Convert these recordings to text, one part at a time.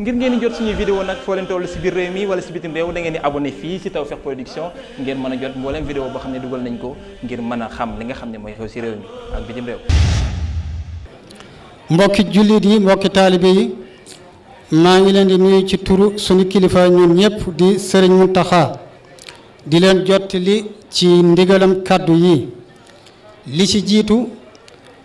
ngir ngeen di jot suñuy vidéo nag foo leen toll si biir réew mi wala si bitim réew da ngeen di abonné fii si Tawfekh Production ngeen mën a jot mbooleem vidéo boo xam ne dugal nañ ko ngir mën a xam li nga xam ne mooy xew si réew mi ak bitim réew mbokki jullit yi mbokki taalibe yi maa ngi leen di nuyu ci turu suñu kilifa ñun ñëpp di Serigne Mountakha di leen jottali ci ndigalam kàddu yi li ci jiitu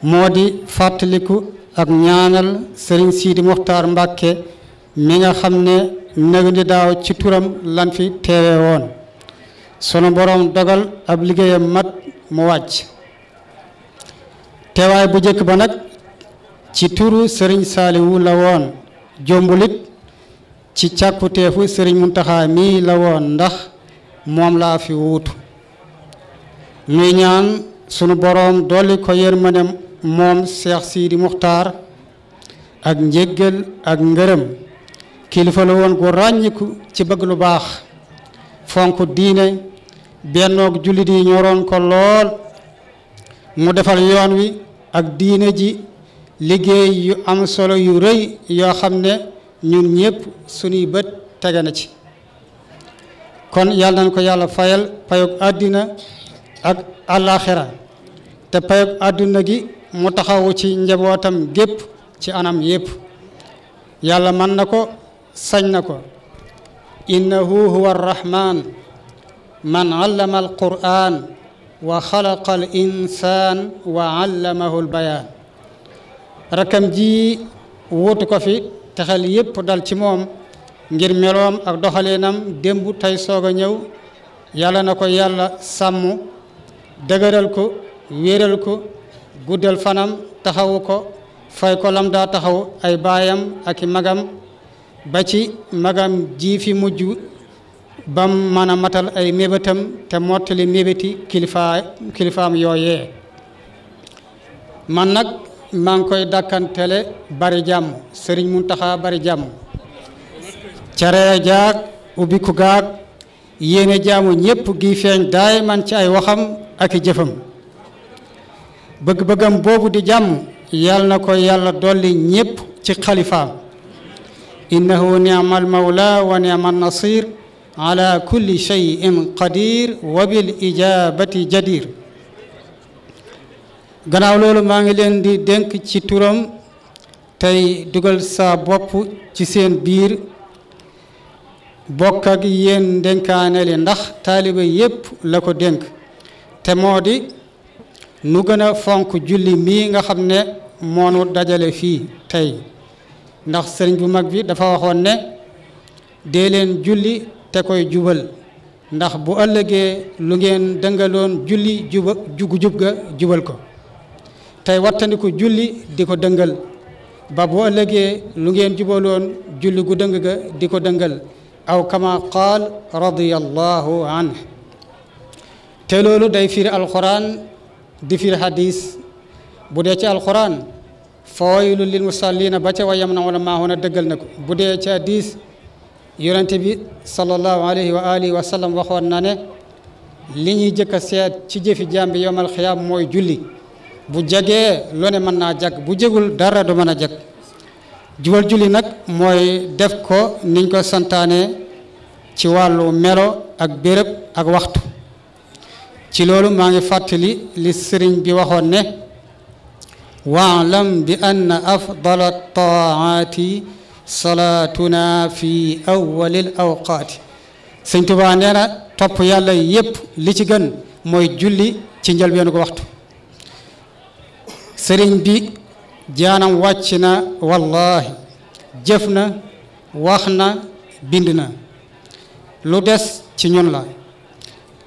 moo di fàttaliku ak ñaanal Serigne Sidi Mokhtar Mbacke mi nga xam ne néew ni daaw ci turam lan fi teewe woon sunu boroom dogal ab liggéeyam mat mu wàcc teewaay bu jëkk ba nag ci turu sëriñ saaliwu la woon jombulit ci càkkuteefu sëriñ muntaxa mii la woon ndax moom laa fi wuutu muy ñaan sunu boroom dolli ko yërmande moom seex siidi muxtaar ak njégal ak ngërëm kilifa la woon gu ràññiku ci bëgg lu baax fonk diine bennoog jullit yi ñoroon ko lool mu defal yoon wi ak diine ji liggéey yu am solo yu rëy yoo xam ne ñun ñëpp suñuy bët tege na ci kon yàlla nañ ko yàlla fayal payog àddina ak àllaaxira te payog àddina gi mu taxawu ci njabootam gépp ci anam yépp yàlla mën na ko sañ na ko innahu huwa arrahman man allama alquran wa xalaqa al wa allamahu albayaan rakkam ji wuutu ko fi te yépp dal ci moom ngir meloom ak doxalinam démb tey soog a ñëw yàlla na ko yàlla sàmmu dëgëral ko wéeral ko guddal fanam taxawu ko fay ko lam daa taxaw ay baayam ak i magam ba ci magam ji mujj bam mën matal ay mébétam te mottali mébéti kilifa kilifaam yooyee man nag maa ngi koy dàkkantele bari jàmm sëriñ taxa bari jàmm caree jaag ubbiku gaag yéene jaamu ñépp gi feeñ daay man ci ay waxam ak i jëfam bëgg-bëggam boobu di jàmm yàlla na ko yàlla dolli ñépp ci xalifaam إنه نعم المولى ونعم النصير على كل شيء قدير وبالإجابة جدير gannaaw loolu maa ngi leen di dénk ci turam tey dugal sa bopp ci seen biir bokk ak yéen dénkaane ndax taaliba yépp la ko dénk te moo di nu gën fonk julli mii nga xam ne moonu dajale fii tey ndax sëriñ bu mag bi dafa waxoon ne dee julli te koy jubal ndax bu ëllëgee lu ngeen dëngaloon julli juba jugu jub ga jubal ko tey wattandiku julli di ko dëngal ba bu ëllëgee lu ngeen jubaloon julli gu dëng ga di ko dëngal aw kama qaal radiyallahu an te loolu day firi alquran di firi hadis bu dee ci alquran fawaylun lil musallina ba ca wa yam na wala maahuna dëggal na ko bu dee ci hadiis yonente bi sallallahu alayhi wa alihi wa sallam waxoon na ne li ñuy jëkk a seet ci jëfi jaam bi yowmal xiyaam mooy julli bu jagee lu ne mën naa jag bu jegul dara du mën a jag jubal julli nag mooy def ko niñ ko santaane ci wàllu melo ak bërëb ak waxtu ci loolu maa ngi fàttali li sëriñ bi waxoon ne waalam bi anna afdala taati salaatuna fi awwalil awqaati sëñ Tuubaa topp yàlla yépp li ci gën mooy julli ci njëlbeenu ko waxtu sëriñ bi jaanam wàcc na wallaahi jëf na wax na bind na lu des ci ñun la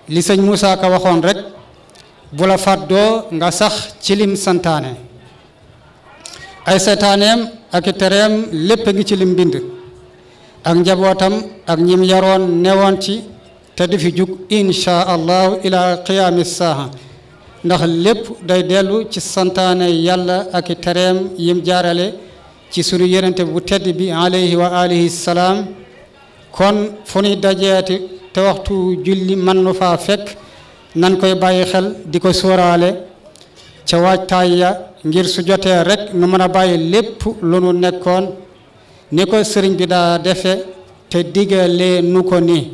li sëñ Moussa Ka waxoon rek bu la fàddoo nga sax ci lim santaane ay seytaaneem ak i tereem lépp a ngi ci lim mbind ak njabootam ak ñim yaroon newoon ci te di fi jug insha allahu ila qiyaami saaha ndax lépp day dellu ci santaane yàlla ak i tereem yim jaarale ci sunu yonent bu tedd bi alayhi wa alihi salaam kon fu ñuy dajeeti te waxtu julli man nu faa fekk nan koy bàyyi xel di ko sóoraale ca waajtaay ya ngir su jotee rek nu mën a bàyyi lépp lu nu nekkoon ni ko sëriñ bi daa defe te diggale nu ko nii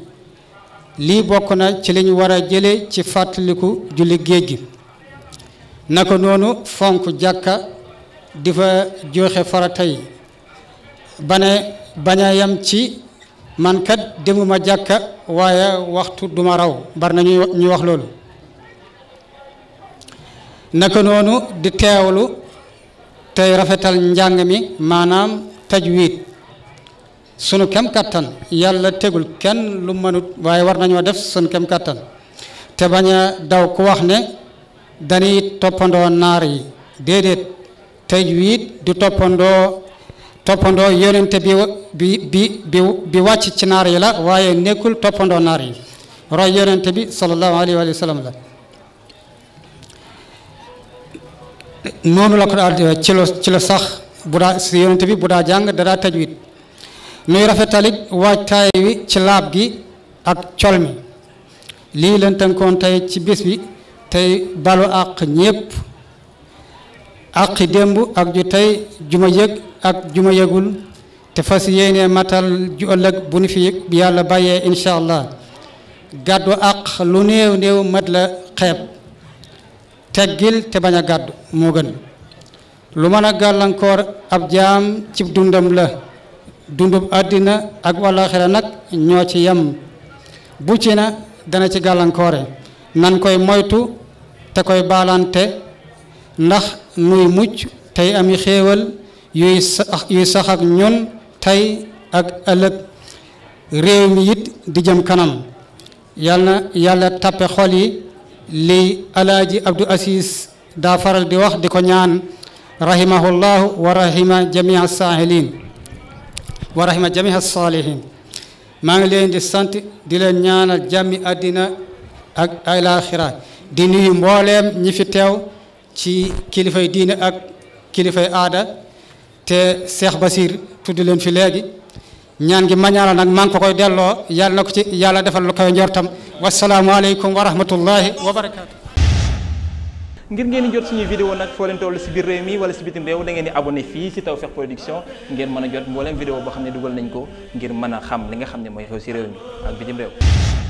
lii bokk na ci liñ war a jële ci fàttaliku julli géej gi naka noonu fonk jàkka di fa joxe farata yi bane bañ a yam ci man kat demuma jàkka waaye waxtu duma raw bar na ñuy wax loolu naka noonu di teewlu tey rafetal njàng mi maanaam tajwiid sunu kem kattan yàlla tegul kenn lu mënut waaye war nañoo def sunu kem kattan te bañ a daw ku wax ne dañuy toppandoo naar yi déedéet tajwiid du toppandoo toppandoo yonente bi bi bi bi bi wàcc ci naar yi la waaye nekkul toppandoo naar yi roy yonente bi sallallahu alayhi wa sallam la noonu la ko daal ci la sax bu daa si yonente bi bu daa jàng dadaa tajwid nuy rafetalit waajtaay wi ci laab gi ak col mi lii leen tënkoon tey ci bis bi tey balu àq ñépp àqi démb ak ju tey juma yëg ak juma yëgul te fas yéene matal ju ëllëg bu nu fi yàlla bàyyee incha allah gàddu àq lu néew néew mat la xeeb teggil te bañ a gàddu moo gën lu mën a gàllankoor ab jaam ci dundam la dundub àddina ak walaxira nag ñoo ci yem bu na dana ci gàllankoore nan koy moytu te koy baalante ndax nuy mucc tey ami xéewal yuy sax yuy sax ak ñun tey ak ëllëg réew mi it di jëm kanam yàlla na yàlla tappe xol yi li alaaji Abdou Aziz daa faral di wax di ko ñaan rahimahullahu wa rahima jamia saahilin wa rahima jamia saalihin maa ngi leen di sant di leen ñaanal jàmmi àddina ak alaaxira di nuyu mbooleem ñi fi teew ci kilifay diine ak kilifay aada te Cheikh Basir tudd leen fi léegi ñaan gi mañaala nag maa ko koy delloo yàlla na ko ci yàlla defal lu kawe njortam wasalaamualeykum wa rahmatullahi wa barakaatu. ngir ngeen di jot suñuy vidéo nag foo leen toll si biir réew mi wala si bitim réew dangeen ngeen di abonné fii si Tawfekh Production ngeen mën a jot mbooleem vidéo boo xam ne dugal nañ ko ngir mën a xam li nga xam ne mooy xew si réew mi ak bitim réew.